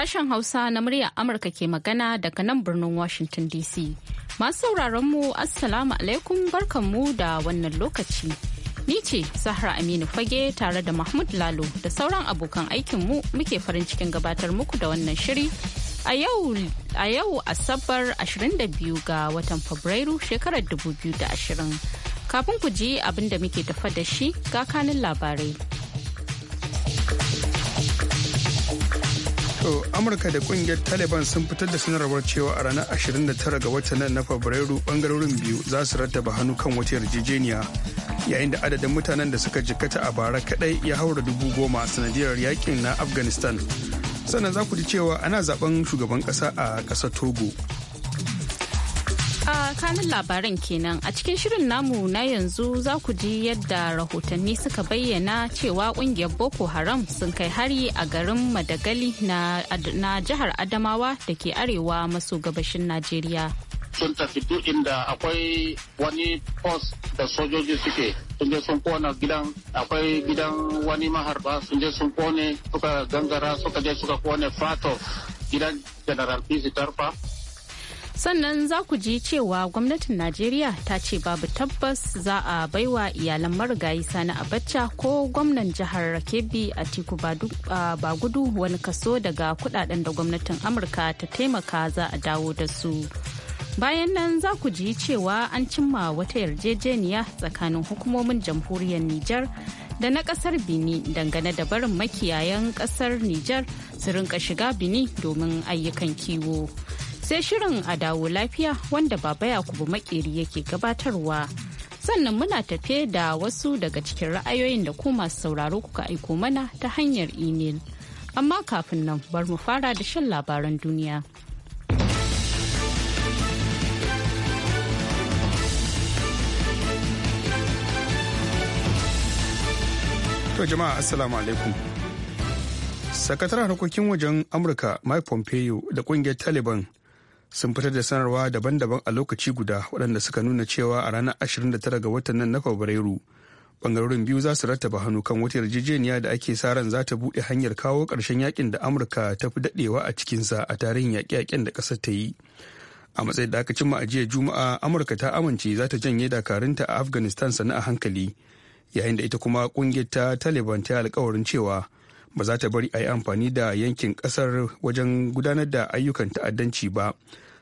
Sashen Hausa na muryar Amurka ke magana daga nan birnin Washington DC. Masu sauraron mu Assalamu alaikum barkanmu da wannan lokaci. Ni ce Zahra Aminu Fage tare da Mahmud Lalo da sauran abokan aikinmu muke farin cikin gabatar muku da wannan shiri A yau Asabar 22 ga watan Fabrairu shekarar 2020. Kafin ku ji abin da muke tafa da shi ga kanin labarai. To Amurka da kungiyar Taliban sun fitar da sanarwar cewa a ranar 29 ga watan nan na Fabrairu bangarorin biyu za su rattaba hannu kan wata yarjejeniya yayin da adadin mutanen da suka jikkata a bara kadai ya haura dubu goma sanadiyar yakin na Afghanistan. Sannan za ku ji cewa ana zaben shugaban kasa a ƙasar Togo. kanin labaran kenan a cikin shirin namu na yanzu za ku ji yadda rahotanni suka bayyana cewa kungiyar boko haram sun kai hari a garin madagali na, jihar adamawa da ke arewa maso gabashin najeriya sun tafi duk inda akwai wani post da sojoji suke sun je sun kona gidan akwai gidan wani maharba sun je sun kone suka gangara suka je suka kone fato gidan general pz tarfa sannan za ku ji cewa gwamnatin najeriya ta ce babu tabbas za a baiwa iyalan marigayi sani abacha ko gwamnan jihar kebbi a tiku bagudu wani kaso daga kudaden da gwamnatin amurka ta taimaka za a dawo da su bayan nan za ku ji cewa an cimma wata yarjejeniya tsakanin hukumomin jamhuriyar niger da na kasar Bini dangane da barin makiyayan kasar Nijar su rinka shiga Bini domin ayyukan kiwo. sai shirin a dawo lafiya wanda baba yakubu makeri yake gabatarwa sannan muna tafe da wasu daga cikin ra'ayoyin da ku masu sauraro kuka aiko mana ta hanyar imel amma kafin nan bar mu fara da shan labaran duniya to jama'a assalamu alaikum sakataren harkokin wajen amurka mike pompeo da kungiyar taliban sun fitar da sanarwa daban-daban a lokaci guda waɗanda suka nuna cewa a ranar 29 ga watan nan na fabrairu bangarorin biyu za su rattaba hannu kan wata yarjejeniya da ake sa ran za ta buɗe hanyar kawo ƙarshen yakin da amurka ta fi daɗewa a cikinsa a tarihin yaƙe-yaƙen da ƙasar ta yi a matsayin da aka cimma a jiya juma'a amurka ta amince za ta janye dakarunta a afghanistan sana a hankali yayin da ita kuma ƙungiyar ta taliban ta yi alkawarin cewa ba za ta bari a yi amfani da yankin kasar wajen gudanar da ayyukan ta'addanci ba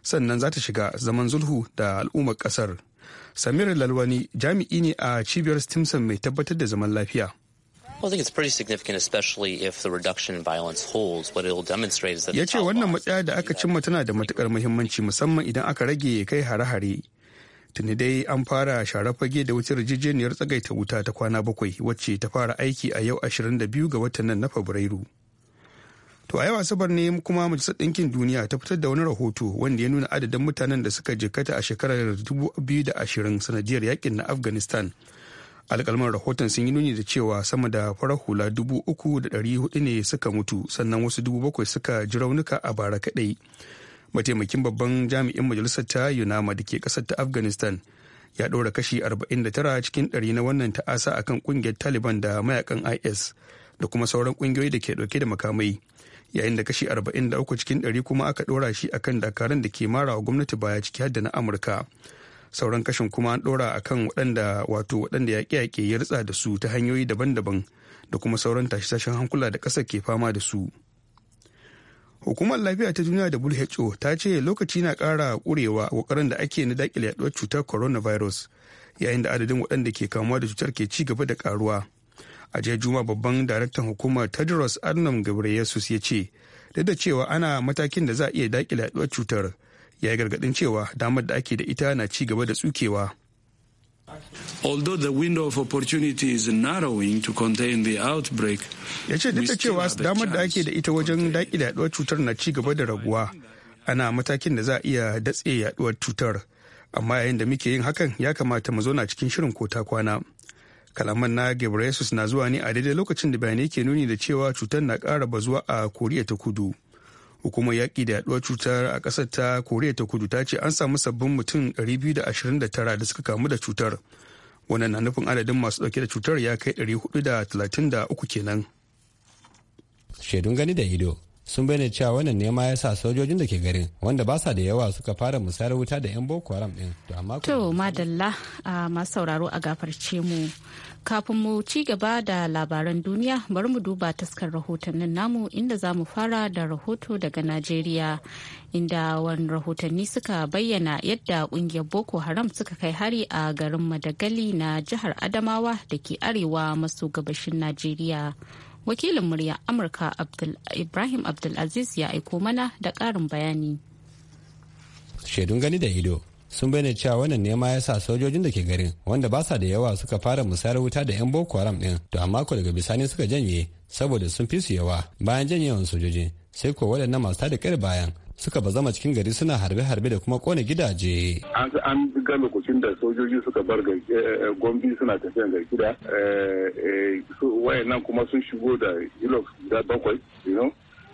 sannan za ta shiga zaman zulhu da al'ummar kasar samir lalwani jami'i ne a cibiyar stimson mai tabbatar da zaman lafiya ya ce wannan matsaya da aka cimma tana da matukar muhimmanci musamman idan aka rage kai hare-hare litinin dai an fara share fage da wutar yarjejeniyar tsagaita wuta ta kwana bakwai wacce ta fara aiki a yau 22 ga watan nan na fabrairu to a yau asabar ne kuma majalisar ɗinkin duniya ta fitar da wani rahoto wanda ya nuna adadin mutanen da suka jikkata a shekarar 2020 sanadiyar yakin na afghanistan alkalman rahoton sun yi nuni da cewa sama da farar hula 3,400 ne suka mutu sannan wasu dubu bakwai suka ji raunuka a bara kaɗai mataimakin babban jami'in majalisar ta yunama da ke kasar ta afghanistan ya ɗora kashi 49 cikin ɗari na wannan ta'asa akan ƙungiyar taliban da mayakan is da kuma sauran ƙungiyoyi da ke ɗauke da makamai yayin da kashi 43 cikin ɗari kuma aka ɗora shi akan dakarun da ke mara wa gwamnati baya ciki hadda na amurka sauran kashin kuma an ɗora akan waɗanda wato waɗanda yaƙe-yaƙe ya ritsa da su ta hanyoyi daban-daban da kuma sauran tashe-tashen hankula da ƙasar ke fama da su. hukumar lafiya ta duniya da who ta ce lokaci na ƙara ƙurewa kokarin da ake na daƙile yaduwar cutar coronavirus yayin da adadin waɗanda ke kamuwa da cutar ke ci gaba da karuwa a jiya juma babban daraktan hukumar tedros adnam ghebreyesus ya ce duk da cewa ana matakin da za a iya dakile yaduwar cutar ya yi gargadin cewa damar da ake da ita na ci gaba da tsukewa the ya ce duk da cewa damar da ake da ita wajen daƙi da yaduwar cutar na ci gaba da raguwa ana matakin da za a iya datse yaduwar cutar amma yayin da muke yin hakan ya kamata mu zauna cikin shirin ko ta kwana kalaman na gebreyesus na zuwa ne a daidai lokacin da bayanai ke nuni da cewa cutar na ƙara bazuwa a koriya ta kudu hukumar yaƙi da yaduwar cutar a ƙasar ta koriya ta kudu ta ce an samu sabbin mutum 229 da suka kamu da cutar wannan na nufin adadin masu ɗauke da cutar ya kai 433 kenan shaidun gani da ido sun bayyana cewa wannan nema ya sa sojojin da ke garin wanda ba sa da yawa suka fara musayar wuta da 'yan boko haram din to amma to madalla sauraro a gafarce mu kafin mu ci gaba da labaran duniya bari mu duba taskar rahotannin namu inda za mu fara da rahoto daga najeriya inda wani rahotanni suka bayyana yadda kungiyar boko haram suka kai hari a garin madagali na jihar adamawa da ke arewa maso gabashin najeriya wakilin murya amurka ibrahim abdulaziz ya aiko mana da ƙarin bayani shaidun gani da ido sun bayyana cewa wannan nema ya sa sojojin da ke garin wanda ba sa da yawa suka fara musayar wuta da 'yan boko haram din to amma ko daga bisani suka janye saboda sun fi su yawa bayan janye janyewan sojoji sai ko waɗannan masu tada kar bayan suka bazama cikin gari suna harbe-harbe da kuma kone gidaje. An ga lokacin da sojoji suka bar eh, eh, eh, gombi suna tafiya ga gida, nan kuma sun shigo da ilox da bakwai,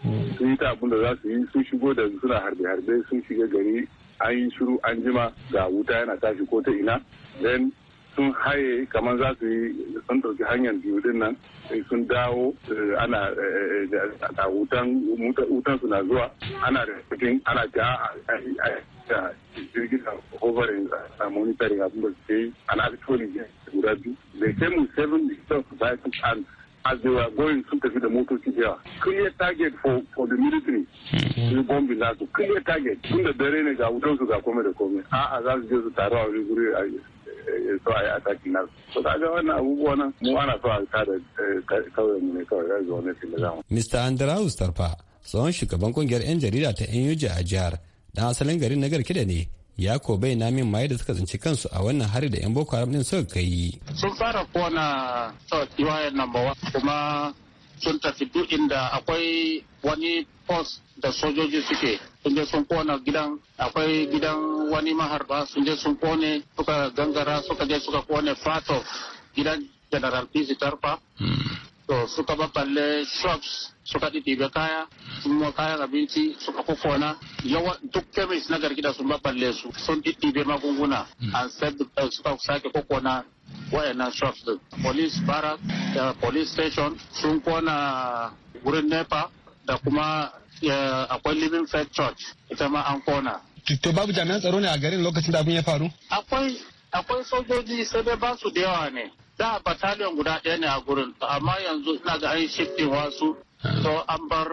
hmm. sun yi ta abin za su yi sun shigo da suna harbe-harbe sun shiga gari an yi shiru an jima ga wuta yana tashi ko ta ina then sun haye kamar za su yi sun ɗauki hanyar biyu din nan sun dawo eh, ana da eh, eh, wutan su na zuwa ana da cikin ana ta da jirgin da hoverin a monitoring abin da suke yi ana actually guda biyu they came with seven of as they were going sun tafi da motoci yawa clear target for for the military su bombi na su clear target tun da dare ne ga wutan su ga kome da kome a'a za su je su taru a wani guri a eh, eh, so a yi ataki na su ta ga wannan abubuwa nan mu ana so a kada eh, kawai mu ne kawai zai zo ne su da zama. Mr. Andrews Tarfa tsohon shugaban kungiyar 'yan jarida ta NUJ a jihar dan asalin garin na garkida ne yako bai na min maye da suka tsinci kansu a wannan hari da 'yan boko haram din suka kai sun fara kona iwayen number kuma sun tafi duk inda akwai wani post da sojoji suke sun je sun kona gidan akwai gidan wani maharba sun je sun kone suka gangara suka je suka kone fato gidan general pc tarfa hmm. to suka babballe shops suka ɗiɗɗiɓe kaya sun kayan abinci suka kufona yawa duk chemist na gargida sun babballe su sun ɗiɗɗiɓe magunguna mm. an uh, suka sake kokona wayannan shops din police barrack da uh, police station sun kona wurin nepa da kuma uh, akwai living faith church ita ma an kona to babu jami'an tsaro ne a garin lokacin da abin ya faru akwai akwai sojoji sai dai ba su da yawa ne da batalion guda ɗaya ne a gurin amma yanzu ina ga an shifting wasu hmm. to an bar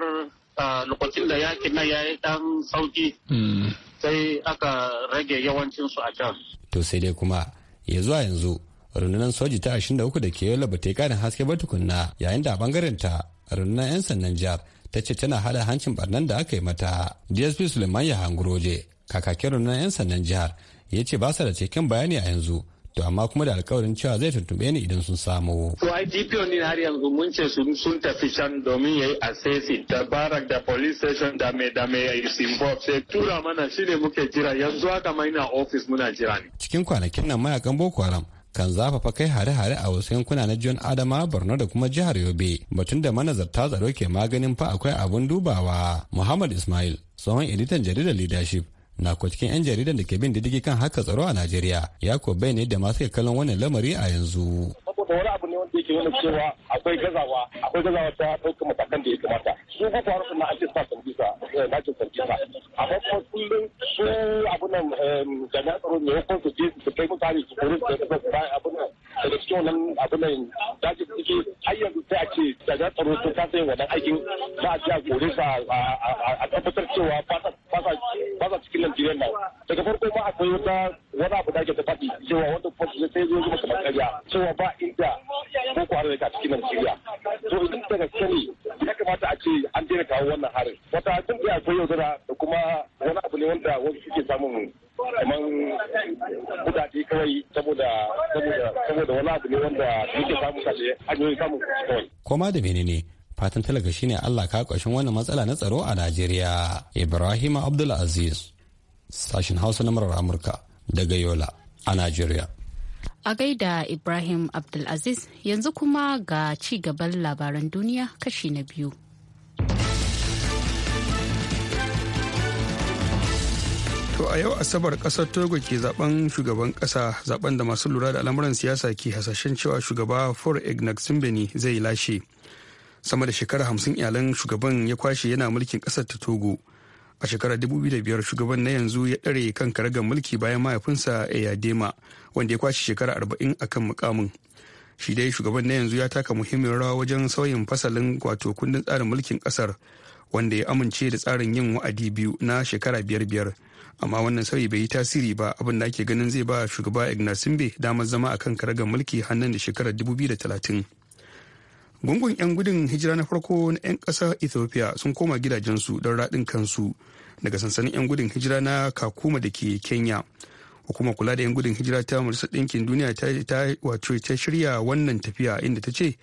lokacin da yakin na yayi dan sauki hmm. sai aka rage yawancin su a can to sai dai kuma ya zuwa yanzu rundunar soji ta 23 da ke yola ba ta yi karin haske ba tukunna yayin da a bangaren ta rundunar 'yan sannan jihar ta ce tana hada hancin barnan da aka yi mata dsp suleiman ya hangroje kakakin rundunar 'yan sannan jihar ya ce ba sa da cikin bayani a yanzu to amma kuma da alkawarin cewa zai tuntuɓe ni idan sun samu. To ai DPO ne har yanzu mun ce sun tafi can domin ya yi assessing da barak da police station da me da me yi simbob sai tura mana shine muke jira yanzu haka mai na office muna jira ne. Cikin kwanakin nan mayakan Boko Haram kan zafafa kai hare-hare a wasu yankuna na John Adama Borno da kuma jihar Yobe batun da manazarta tsaro ke maganin fa akwai abun dubawa Muhammad Ismail tsohon editan jaridar leadership na cikin 'yan jaridan da ke bin diddigi kan haka tsaro a Najeriya ya ko ne da masu kallon wannan lamari a yanzu. Saboda wani abu ne wanda yake nuna cewa akwai gazawa akwai gazawa ta ɗaukar matakan da ya kamata. Su ba faru suna ake sa sambisa eh, na ce sambisa. Amma kuma kullum su abu nan eh, jami'an tsaro ne ya kwanci su kai mutane su kori su kai su bayan abu nan daga cikin wannan abu mai daji suke har yanzu sai a ce daga tsaro sun kasa yin wannan aikin za a ce a kore sa a tabbatar cewa ba sa cikin Najeriya nan daga farko ma akwai wata wani abu da ake ta faɗi cewa wanda kwasu sai zo zuba kamar karya cewa ba inda ko ko ka cikin Najeriya to idan daga gaske ya kamata a ce an daina kawo wannan harin wata sun akwai yaudara da kuma wani ne wanda wasu suke samun kamar kudade kawai saboda saboda saboda wani abu ne wanda suke samun kashe hanyoyin samun kuɗi kawai. Koma da menene fatan talaka shine Allah ka ƙwashin wannan matsala na tsaro a Najeriya. Ibrahim Abdul Aziz sashin Hausa na murar Amurka daga Yola a Najeriya. A gaida Ibrahim Abdulaziz yanzu kuma ga ci gaban labaran duniya kashi na biyu. To a yau Asabar kasar Togo ke zaben shugaban kasa zaben da masu lura da al'amuran siyasa ke hasashen cewa shugaba for Egnaximbe simbeni zai lashe. Sama da shekara hamsin iyalan shugaban ya kwashe yana mulkin kasar ta Togo. A shekara shekarar 2005 shugaban na yanzu ya ɗare kan karagar mulki bayan mahaifinsa Eyadema wanda ya kwashe shekara 40 akan mukamin. shi dai shugaban na yanzu ya taka muhimmin rawa wajen sauyin fasalin wato kundin tsarin mulkin kasar wanda ya amince da tsarin yin wa'adi biyu na shekara biyar biyar amma wannan sauyi bai yi tasiri ba abin da ake ganin zai ba shugaba simbe damar zama a kan karagar mulki hannun da shekarar 2030 gungun 'yan gudun hijira na farko na 'yan kasa ethiopia sun koma gidajensu don raɗin kansu daga sansanin 'yan gudun hijira na kakuma da ke kenya hukumar kula da 'yan gudun hijira ta majalisar ɗinkin duniya ta wato ta shirya wannan tafiya inda ta ce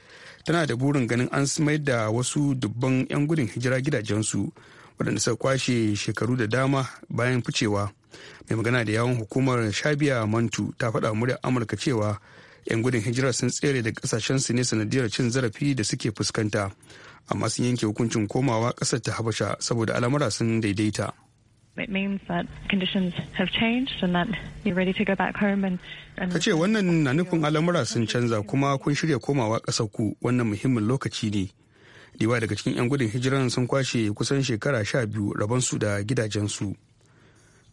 tana da burin ganin an mayar da wasu dubban 'yan gudun hijira gidajensu waɗanda suka kwashe shekaru da dama bayan ficewa mai magana da yawon hukumar shabiya mantu ta faɗa murya amurka cewa 'yan gudun hijira sun tsere da su ne sanadiyar cin zarafi da suke fuskanta amma sun yanke hukuncin komawa ƙasar ta habasha saboda al'amura sun daidaita Ka ce wannan na nufin al'amura sun canza kuma kun shirya komawa ƙasar ku wannan muhimmin lokaci ne. Dewa daga cikin 'yan gudun hijiran sun kwashe kusan shekara sha biyu rabonsu da gidajensu.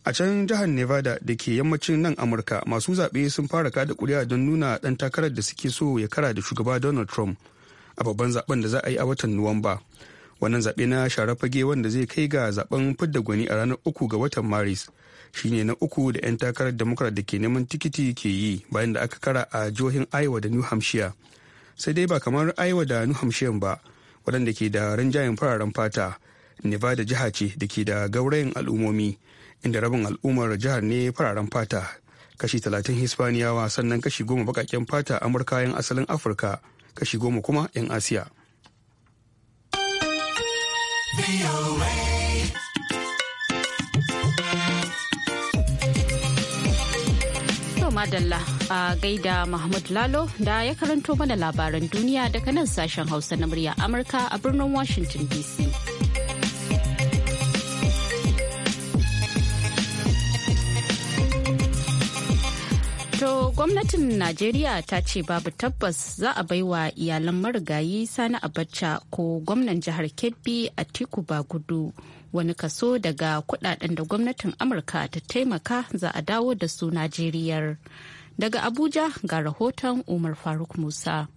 A can jihar Nevada da ke yammacin nan Amurka masu zaɓe sun fara kada ƙuri'a don nuna ɗan takarar da suke so ya kara da shugaba Donald Trump a babban zaben da za a yi a watan Nuwamba. wannan zaɓe na shara fage wanda zai kai ga zaɓen fidda gwani a ranar uku ga watan maris shine na uku da 'yan takarar demokrat da ke neman tikiti ke yi bayan da aka kara a jihohin iowa da new hampshire sai dai ba kamar iowa da new hampshire ba waɗanda ke da rinjayen fararen fata nevada jiha ce da ke da gaurayin al'ummomi inda rabin al'ummar jihar ne fararen fata kashi talatin hispaniyawa sannan kashi goma baƙaƙen fata amurka 'yan asalin afirka kashi goma kuma 'yan asiya Madalla a gaida Mahmud Lalo da ya karanto mana labaran duniya daga nan sashen Hausa na murya Amurka a birnin Washington DC. Gwamnatin Najeriya ta ce babu tabbas za a baiwa iyalan marigayi Sani Abacha ko gwamnan jihar Kebbi a Tiku gudu wani kaso daga kudaden da gwamnatin Amurka ta taimaka za a dawo da su Najeriyar. Daga Abuja ga rahoton Umar Faruk Musa.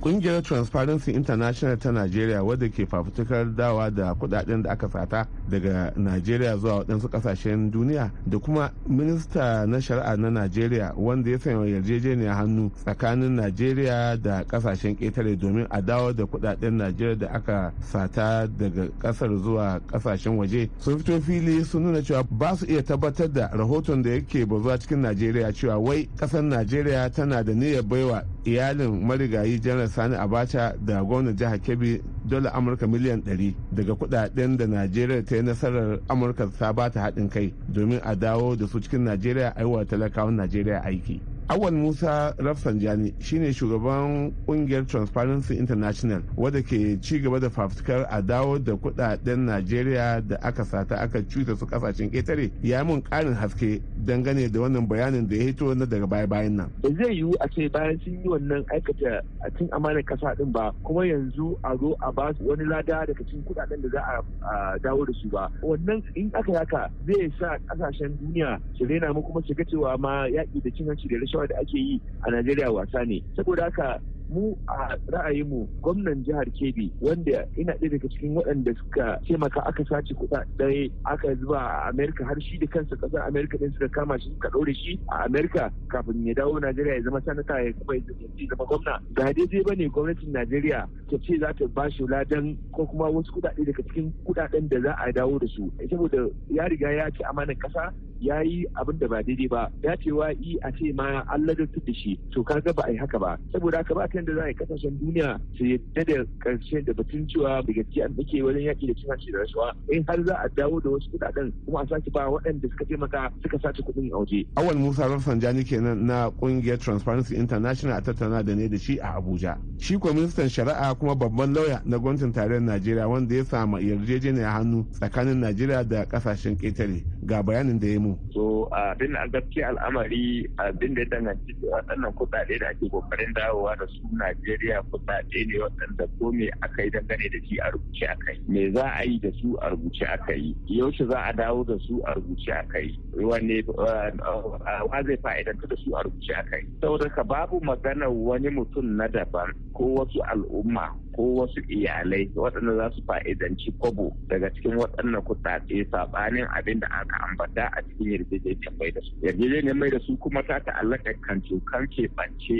kungiyar transparency international ta nigeria wadda ke fafutukar dawa da kudaden da aka sata daga nigeria zuwa waɗansu kasashen duniya da kuma minista na shari'a na nigeria wanda ya sanya yarjejeniyar hannu tsakanin nigeria da ƙasashen ketare domin a dawo da kudaden nigeria da aka sata daga ƙasar zuwa kasashen waje sun fito fili sun nuna cewa ba su iya tabbatar da rahoton da yake bazuwa cikin nigeria cewa wai ƙasar nigeria tana da niyyar baiwa iyalin marigayi janar sani abacha da gwamnan jihar kebbi dole amurka miliyan 100 daga kudaden da najeriya ta yi nasarar amurka ta bata haɗin kai domin a dawo da su cikin najeriya aiwa talakawan najeriya aiki awal musa rafsanjani shine shugaban kungiyar transparency international wadda ke ci gaba da fafutukar a dawo da kudaden najeriya da aka sata aka cuta su kasashen ketare ya mun karin haske dangane da wannan bayanin da ya hito na daga baya bayan nan da zai yiwu a ce bayan sun yi wannan aikata a cin amanar kasa din ba kuma yanzu a zo a ba su wani lada daga cin kudaden da za a dawo da su ba wannan in aka yaka zai sa kasashen duniya su rena mu kuma su cewa ma yaki da cin hanci da rashin kasancewa da ake yi a najeriya wasa ne saboda haka mu a ra'ayinmu gwamnan jihar kebbi wanda ina ɗaya daga cikin waɗanda suka taimaka aka sace kuɗaɗe aka zuba a amerika har shi da kansa ƙasar amerika ɗin suka kama shi suka ɗaure shi a amerika kafin ya dawo najeriya ya zama sanata ya kuma ya zama gwamna ba daidai ba ne gwamnatin najeriya ta ce za ta ba shi ladan ko kuma wasu kuɗaɗe daga cikin kuɗaɗen da za a dawo da su saboda ya riga ya ci amanan ƙasa ya yi abin da ba daidai ba ya dacewa yi a ce ma an ladantar da shi to ga ba a yi haka ba saboda haka ba ta yadda za a yi kasashen duniya su yadda da ƙarshen da batun cewa da gaske an ɗauke wajen yaƙi da cin hanci da rashawa in har za a dawo da wasu kuɗaɗen kuma a sake ba waɗanda suka taimaka suka sace kuɗin a waje. Awal Musa Rafsanjani kenan na ƙungiyar Transparency International a tattauna da ne da shi a Abuja. Shi kuwa ministan shari'a kuma babban lauya na gwamnatin tarayyar Najeriya wanda ya samu yarjejeniyar hannu tsakanin Najeriya da kasashen ketare ga bayanin da ya yi mu. So abin a gaskiya al'amari abin da ya danganci waɗannan kuɗaɗe da ake ƙoƙarin dawowa da su Najeriya kuɗaɗe ne waɗanda ko me aka yi dangane da shi a rubuce aka yi. Me za a yi da su a rubuce aka yi. Yaushe za a dawo da su a rubuce aka yi. Wanne eh, wa zai fa'idanta da su a rubuce aka yi. Saboda ka babu maganar wani mutum na daban ko wasu al'umma ko wasu iyalai waɗanda za su fa'idanci kwabo daga cikin waɗannan kuɗaɗe saɓanin abin da aka ambata a cikin yarjejeniyar mai da su. Yarjejeniyar mai da su kuma ta ta'allaka kan cokan keɓance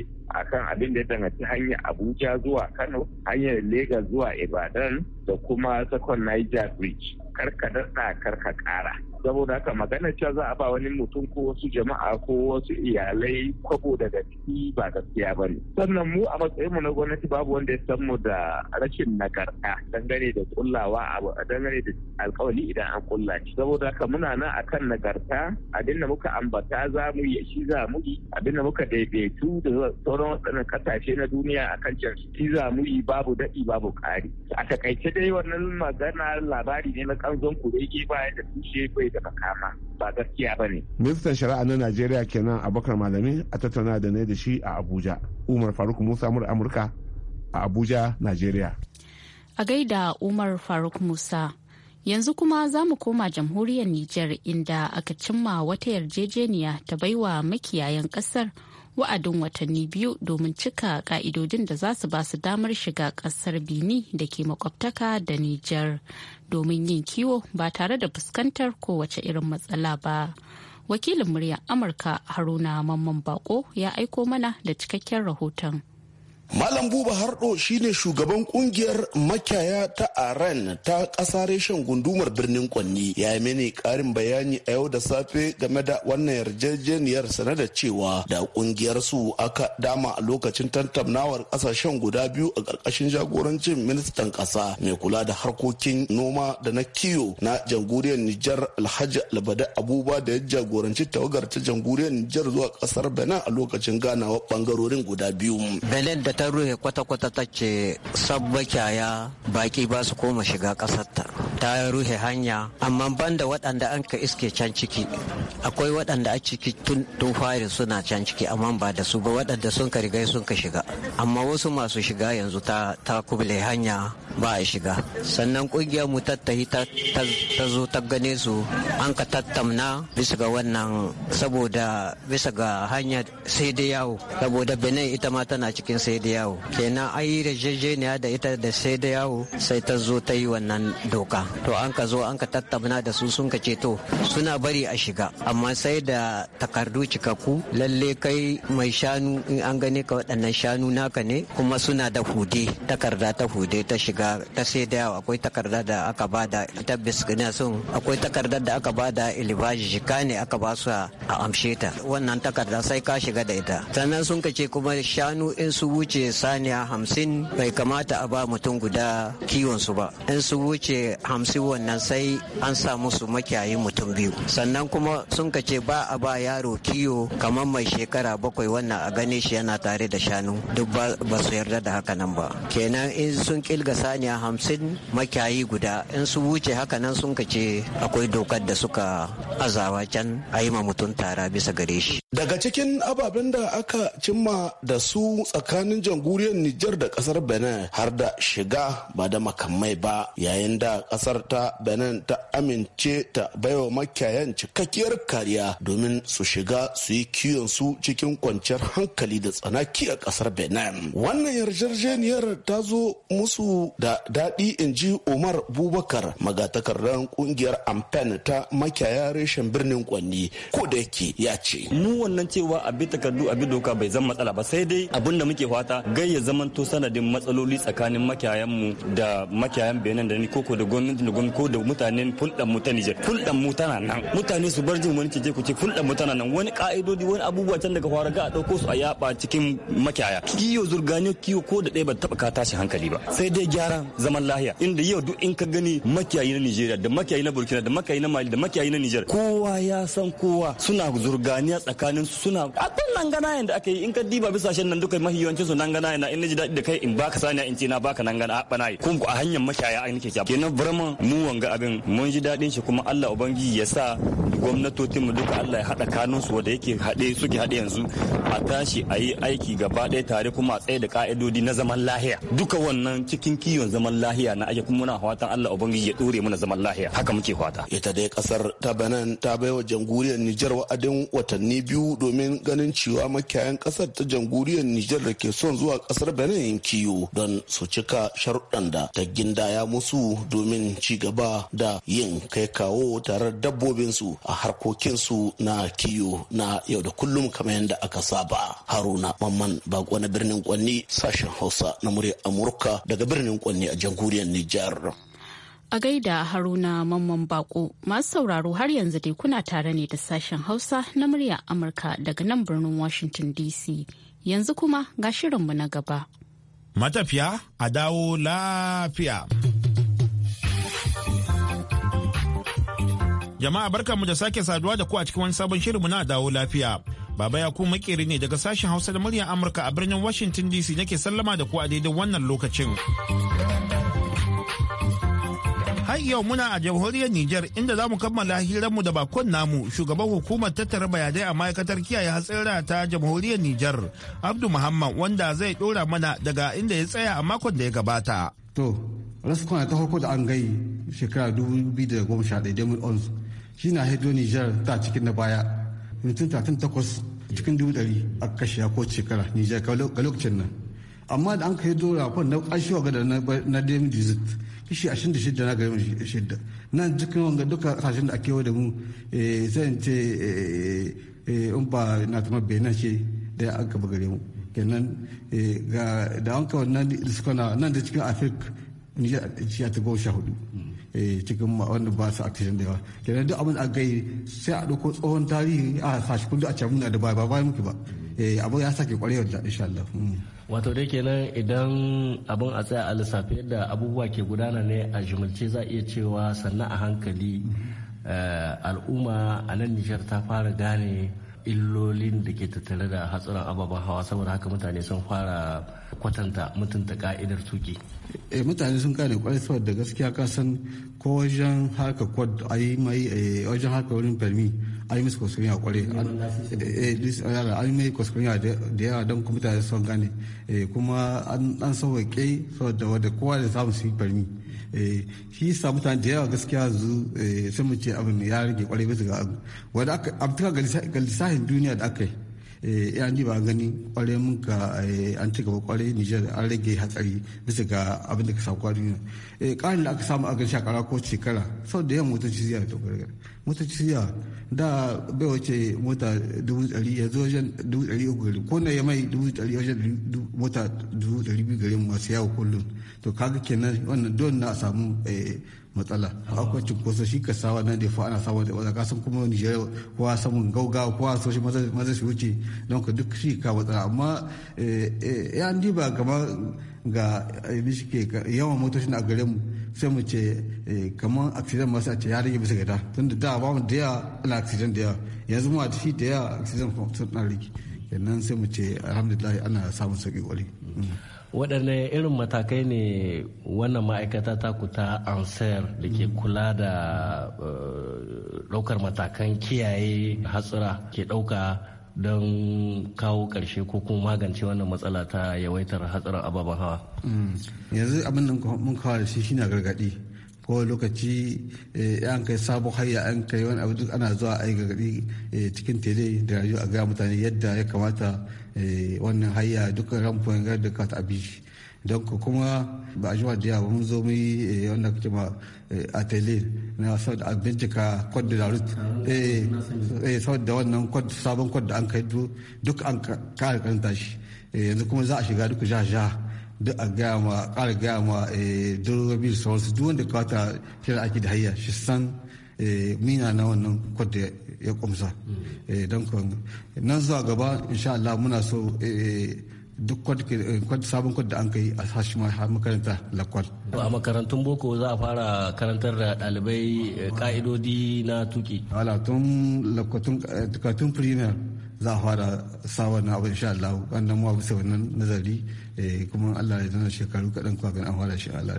kan abin da ya danganci hanyar Abuja zuwa Kano, hanyar Legas zuwa Ibadan da kuma Sakon Niger Bridge. Karka kar ka ƙara. saboda haka magana cewa za a ba wani mutum ko wasu jama'a ko wasu iyalai kwabo daga ciki ba gaskiya ba ne sannan mu a matsayin mu na gwamnati babu wanda ya san mu da rashin nagarta dangane da kullawa dangane da alkawali idan an kulla shi saboda haka muna nan akan nagarta abinda muka ambata za mu yi shi za mu yi abinda muka daidaitu da sauran waɗannan kasashe na duniya akan can shi za mu yi babu daɗi babu ƙari a takaice dai wannan magana labari ne na kanzon kurege baya da tushe bai da makama ba gaskiya ba ne. Ministan Shari'a na Najeriya kenan Abubakar Malami a tattauna da ne da shi a Abuja. Umar Faruk Musa mura Amurka a Abuja, Najeriya. A gaida Umar Faruk Musa. Yanzu kuma za mu koma jamhuriyar Nijar inda aka cimma wata yarjejeniya ta baiwa makiyayan kasar wa'adin watanni biyu domin cika ka'idodin da za su ba su damar shiga kasar Bini da ke makwabtaka da Nijar. domin yin kiwo ba tare da fuskantar kowace irin matsala ba. Wakilin muryar Amurka Haruna Mamman Bako ya aiko mana da cikakken rahoton. Malam Buba Hardo shine shugaban kungiyar makiyaya ta Aran ta ƙasa reshen gundumar birnin Kwanni ya yi mini ƙarin bayani a yau da safe game da wannan yarjejeniyar sanar da cewa da kungiyar su aka dama a lokacin tantamnawar ƙasashen guda biyu a ƙarƙashin jagorancin ministan ƙasa mai kula da harkokin noma da na kiyo na jamhuriyar Nijar Alhaji Albada Abuba da ya jagoranci tawagar ta jamhuriyar Nijar zuwa ƙasar Benin a lokacin ganawar ɓangarorin guda biyu. ta ruhe kwata-kwata ta ce sabba kyaya baki ba su koma shiga ƙasarta ta ruhe hanya amma banda waɗanda an ka iske can ciki akwai waɗanda a ciki tun fari suna can ciki amma ba da su ba waɗanda sun ka rigai sun ka shiga amma wasu masu shiga yanzu ta kubile hanya ba a shiga sannan ƙungiyar mu tattahi ta zo ta gane su an ka tattamna bisa ga wannan saboda bisa ga hanya sai da yawo saboda benin ita ma tana cikin sai da yawo kenan an yarjejeniya da ita da sai da yawo sai ta zo ta yi wannan doka to an ka zo an ka tattauna da su sun ka ce to suna bari a shiga amma sai da takardu cikakku lalle kai mai shanu in an gane ka waɗannan shanu naka ne kuma suna da hude takarda ta hude ta shiga ta sai da yawo akwai takarda da aka ba da ta biskina sun akwai takarda da aka ba da ilibaji jika ne aka ba su a amshe ta wannan takarda sai ka shiga da ita sannan sun ka ce kuma shanu in su wuce wuce saniya hamsin bai kamata a ba mutum guda kiwon su ba in su wuce hamsin wannan sai an sa musu makiyayi mutum biyu sannan kuma sun kace ba a ba yaro kiwo kamar mai shekara bakwai wannan a gane shi yana tare da shanu duk ba su yarda da haka nan ba kenan in sun kilga saniya hamsin makiyayi guda in su wuce haka nan sun kace akwai dokar da suka azawa can a yi ma mutum tara bisa gare shi daga cikin ababen da aka cimma da su tsakanin jamhuriyar Nijar da kasar Benin har da shiga ba da makamai ba yayin da kasar ta Benin ta amince ta baiwa makiyayan cikakkiyar kariya domin su shiga su yi kiwon su cikin kwanciyar hankali da tsanaki a kasar Benin. Wannan yarjejeniyar ta zo musu da daɗi in ji Umar Bubakar magatakardar kungiyar Amfen ta makiyaya reshen birnin Kwanni ko da yake ya ce. Mu wannan cewa abi takardu abin doka bai zama matsala ba sai dai abin da muke fata gayya gai ya zamanto sanadin matsaloli tsakanin makiyayan mu da makiyayan Benin da ni koko da gwamnati da gwamnati ko da mutanen fulɗan mu ta Niger fulɗan mu tana nan mutane su bar jin wani cece ku ce fulɗan mu tana nan wani ka'idodi wani abubuwa can daga fara ga a ɗauko su a yaba cikin makiyaya kiyo zurganiyo kiyo ko da ɗaya ba taɓa ka tashi hankali ba sai dai gyaran zaman lahiya inda yau duk in ka gani makiyayi na Nigeria da makiyayi na Burkina da makiyayi na Mali da makiyayi na Niger kowa ya san kowa suna zurganiya tsakanin su suna a tunan nan gana yanda aka yi in ka diba bisashen nan duka mahiyancin su nan nan gana ina in ji daɗi da kai in baka saniya in ce na baka nan gana bana kun ku a hanyar mashaya ai nake cewa kenan barma mu wanga abin mun ji daɗin shi kuma Allah ubangiji ya sa gwamnatocin mu duka Allah ya hada kanun su wanda yake hade suke hade yanzu a tashi a yi aiki gaba ɗaya tare kuma a tsaye da ka'idodi na zaman lahiya duka wannan cikin kiwon zaman lahiya na ake kuma muna fatan Allah ubangiji ya dore mana zaman lahiya haka muke fata ita dai kasar ta banan ta baiwa jamhuriyar Nijar wa'adin watanni biyu domin ganin cewa makiyayan kasar ta jamhuriyar Nijar da ke so son zuwa kasar benin kiyo don su cika sharuɗan da ta gindaya musu domin ci gaba da yin kai kawo tare dabbobinsu a harkokinsu na kiyo na yau da kullum kamar yadda aka saba haruna mamman bako na birnin kwanni sashen hausa na murya amurka daga birnin kwanni a jamhuriyar nijar A gaida Haruna Mamman Bako masu sauraro har yanzu dai kuna tare ne da sashen Hausa na murya Amurka daga nan birnin Washington DC. Yanzu kuma ga shirinmu na gaba. Matafiya a dawo lafiya. Jama'a barkanmu da sake saduwa da ku a cikin wani sabon shirinmu na dawo lafiya. Baba ya ku makeri ne daga sashen Hausa da murya Amurka a birnin Washington DC nake sallama da ku a daidai wannan lokacin. har yau muna a jamhuriyar Nijar inda za mu kammala mu da bakon namu shugaban hukumar tattara bayanai a ma'aikatar kiyaye hatsira ta jamhuriyar Nijar Abdu Muhammad wanda zai dora mana daga inda ya tsaya a makon da ya gabata. To, raskwana ta farko da an gai shekara 2011 Damon Ons shi na hedo Nijar ta cikin na baya. Mutum 38 cikin 100 a kashe ko shekara Nijar ga lokacin nan. Amma da an kai dora kwan na ƙashewa ga na Damon Dizit. kishi shidda na gari mai shidda nan cikin wanga duka sashen da ake da mu zan eh, ce eh, eh, in ba na kamar benin ce da ya aka gare mu kenan ga da an kawai nan na nan da cikin afirka nijar ta goma sha hudu cikin wanda ba su akishin da yawa kenan duk abin a gai sai a ɗauko tsohon tarihi a sashi kundu a cewa muna da ba ba muke ba abu ya sake kwarewa da insha Allah. Hmm. wato dai kenan idan abin a tsaya a lissafi yadda abubuwa ke gudana ne a jimilce za iya cewa sannan a hankali eh, al'umma a nan nijar ta fara gane illolin da ke tattare da hatsuran ababen hawa saboda haka mutane sun fara kwatanta mutunta ka'idar tuki e mutane sun gane kwarai saboda gaskiya kasan ko wajen haka kwad a yi mai eh, wajen haka wurin permi an yi musu kuskure a an yi mai kuskure da eh, eh, yawa don kuma son eh, kuma an sauwaƙe saboda wadda kowa da samu su yi farmi shi sa mutane da yawa gaskiya yanzu sai mu ce abin ya rage kwarai bisa ga abu wadda aka galisahin duniya da aka yi yan eh, ba gani kwarai mun ka eh, an ci gaba kwarai niger an rage hatsari bisa ga abin da ka sa kwari eh, karin da aka samu a gan shakara ko shekara sau da yawan motoci ziya da tokar motoci ziya da bai wace mota dubu dari ya zo wajen dubu dari uku gari ko na ya mai dubu dari wajen mota dubu dari biyu gari masu yawo kullum to kaga kenan wannan don na samu eh, matsala akwai cinkoso shi ka sawa nan da fa ana sawa da wanda kasan kuma Nijar kowa samun gauga kowa a shi maza shi wuce don ka duk shi ka matsala amma eh, eh, ya an ba gama ga eh, ke yawan motocin a garinmu sai mu ce kamar accident masu a ce ya rage bisa gada tun da ba mu da yawa ana accident da yawa yanzu mu a shi da yawa accident sun na rage kenan sai mu ce alhamdulillah ana samun sauƙi ƙwari. Mm. waɗanne irin matakai ne wannan ma'aikata ta kuta ansar da ke mm. kula da eh, ɗaukar matakan kiyaye hatsura ke ɗauka don kawo ƙarshe ko kuma magance wannan matsala ta yawaitar hatsarin ababen hawa mm. yanzu abin da mun kawo da shi shine gargaɗi ko lokaci eh, an kai sabon hanya an kai wani abu duk ana zuwa ai gari eh, cikin tele da rayu a gaya mutane yadda ya kamata eh, wannan ran dukkan gari da ka ta don kuma ba a jima da yawon mun zo mu yi wanda kuke ma a tele na saboda a bincika kwadda da rut eh saboda wannan sabon kwadda an kai duk an kare karanta shi yanzu kuma za a shiga duk jaha-jaha duk a gama ƙara gama eh, durrobi da sauransu duk wanda kawata kira ake da hayya shi san eh, mina na wannan kwadda ya kumsa mm. eh, don nan zuwa gaba insha Allah muna so duk sabon kwadda da an kai a sashi makaranta lakwal. a makarantun boko za a fara karantar da ɗalibai ka'idodi na tuki. Wala tun lakwatun primer za a fara sa wannan abin sha Allah wannan mu bisa wannan nazari eh, kuma Allah ya dana shekaru kaɗan kuma ganin an fara shi Allah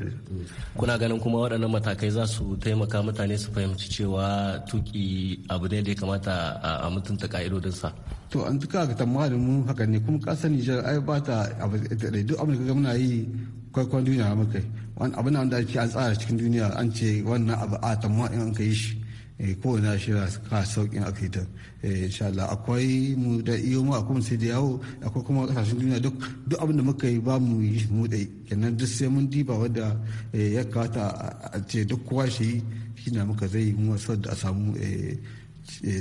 kuna ganin kuma waɗannan matakai za su taimaka mutane su fahimci cewa tuki abu ne da ya kamata a mutunta ka'idodinsa to an tuka ga tamarin mun haka ne kuma ka sani jar ai ba ta abu eh, duk abin da muna yi kwaikwayon duniya muka yi wani abin da ake an tsara cikin duniya an ce wannan abu a tamu in an ka yi shi Eh, ko ina shi ka sauƙin akita eh, insha Allah akwai mu da iyo mu akwai sai da yawo akwai kuma kasashen duniya duk duk abin da muka yi ba mu yi mu dai kenan duk sai mun diba wanda eh, ya kata a ce duk kowa shi shi na muka zai mu da a samu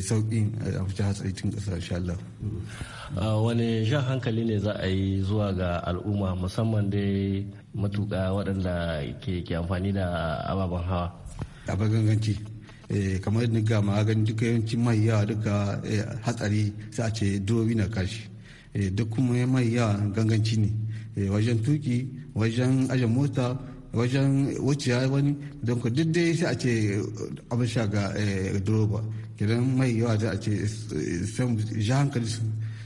sauƙin a fita hatsaitin cikin ƙasa insha Allah. Mm. Ah, Wani jan hankali ne za a yi zuwa ga al'umma musamman dai matuƙa waɗanda ke amfani da ababen hawa. A ganganci. Eh, kamar yadda ga ma gani duka yawancin mai yawa duka eh, hatsari sai a ce durobi na kashi eh, duk kuma ya mai yawa ganganci ne wajen tuki wajen ajin mota wajen wuciya wani don ku duk dai sai a ce abin sha ga duroba kiran mai yawa za a ce san ji hankali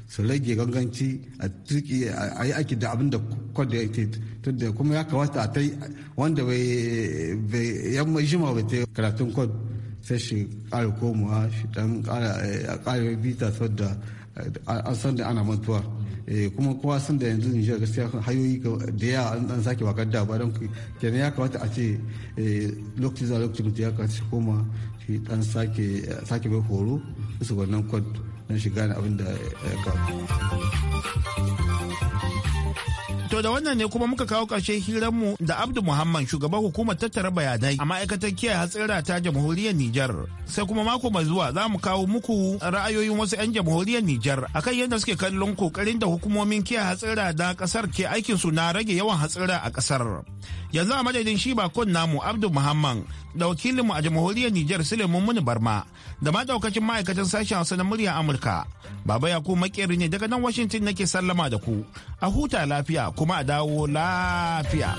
su rage ganganci a tuki a yi aiki da abin da kwada ya ce tunda kuma ya kawata a ta yi wanda bai yamma jima bai ta karatun kwada sai kare komowa shi dan kare eh, bita sadda eh, an san da ana mantuwa eh, kuma kowa san da yanzu nijar gaskiya hanyoyi da ya an sake wakar da ba don kenan ya kamata a ce lokacin za lokacin mutu ya kamata shi koma shi dan sake bai horo su wannan kwadu na shiga na abin da ya To da wannan ne kuma muka kawo ƙarshe hiranmu da Abdu Muhammad shugaban hukumar tattara bayanai a ma'aikatar kiyaye hatsira ta jamhuriyar Nijar. Sai kuma mako mai zuwa za mu kawo muku ra'ayoyin wasu 'yan jamhuriyar Nijar akan yadda suke kallon kokarin da hukumomin kiyaye hatsira da kasar ke aikin su na rage yawan hatsira a kasar Yanzu a madadin shi bakon namu Abdu Muhammad da wakilinmu a jamhuriyar Nijar Suleiman Muni Barma da ma daukacin ma'aikatan sashen Hausa na muryar Amurka. Amurka. Baba Yakubu makeri ne daga nan Washington nake sallama da ku. A huta lafiya kuma a dawo lafiya.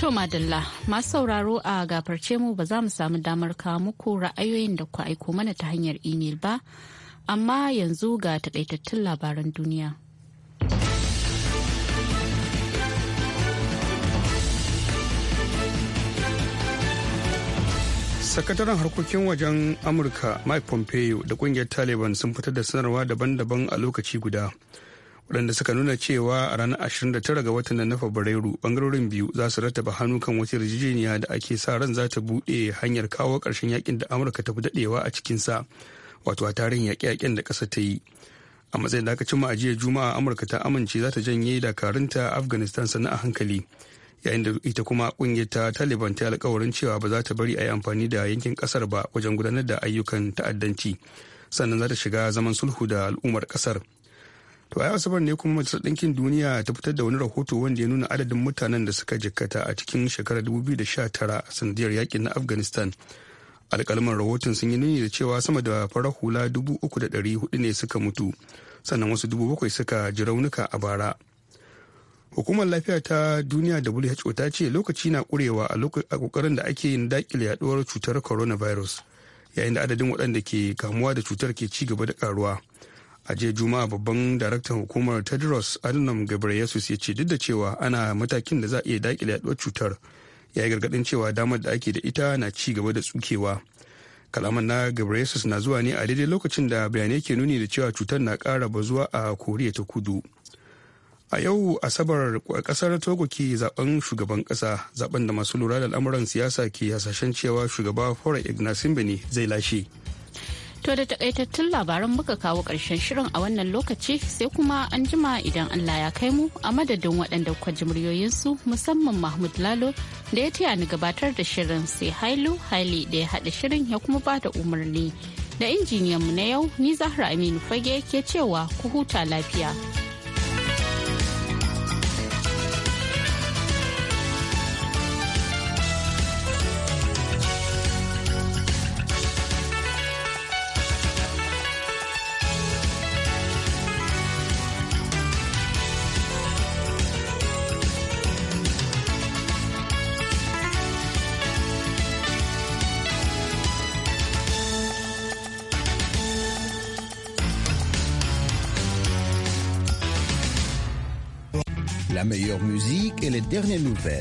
To Madalla, masu sauraro a gafarce mu ba za mu samu damar kawo muku ra'ayoyin da ku aiko mana ta hanyar imel ba. amma yanzu ga takaitattun labaran duniya. sakataren harkokin wajen amurka mike pompeo da kungiyar taliban sun fitar da sanarwa daban-daban a lokaci guda waɗanda suka nuna cewa a ranar 29 ga watan na fabrairu bangarorin biyu za su rattaba hannu kan wata yarjejeniya da ake sa ran za ta buɗe hanyar kawo ƙarshen yakin da amurka ta fi daɗewa a cikinsa. wato a tarin yaƙe-yaƙen da ƙasa ta yi a matsayin da aka cimma a jiya juma'a amurka ta amince za ta janye dakarunta afghanistan sannan a hankali yayin da ita kuma kungiyar ta taliban ta alkawarin cewa ba za ta bari a yi amfani da yankin kasar ba wajen gudanar da ayyukan ta'addanci sannan za ta shiga zaman sulhu da al'ummar kasar to a asabar ne kuma majalisar ɗinkin duniya ta fitar da wani rahoto wanda ya nuna adadin mutanen da suka jikkata a cikin shekarar 2019 a sanadiyar yakin na afghanistan alkalman rahoton sun yi nuni da cewa sama da farar hula dubu uku da hudu ne suka mutu sannan wasu dubu bakwai suka ji raunuka a bara hukumar lafiya ta duniya who ta ce lokaci na kurewa a kokarin da ake yin dakile yaduwar cutar coronavirus yayin da adadin waɗanda ke kamuwa da cutar ke ci gaba da karuwa a jiya juma'a babban daraktan hukumar tedros adhanom ghebreyesus ya ce duk da cewa ana matakin da za a iya dakile yaduwar cutar ya yi gargaɗin cewa damar da ake da ita na ci gaba da tsukewa kalaman na gabriel na zuwa ne a daidai lokacin da bayanai ke nuni da cewa cutar na kara bazuwa a koriya ta kudu a yau asabar kasar togo ke zaben shugaban kasa zaben da masu lura da al'amuran siyasa ke hasashen cewa shugaba fora ignace zai lashe To da takaitattun labaran muka kawo ƙarshen shirin a wannan lokaci sai kuma an jima idan Allah ya kai mu a madadin waɗanda kwa muryoyinsu musamman Mahmud Lalo da ya taya ni gabatar da shirin sai Hailu Haili da ya haɗa shirin ya kuma ba da umarni. Da injiniyanmu na yau ni Zahra Aminu Fage ke cewa ku huta lafiya. musique et les dernières nouvelles.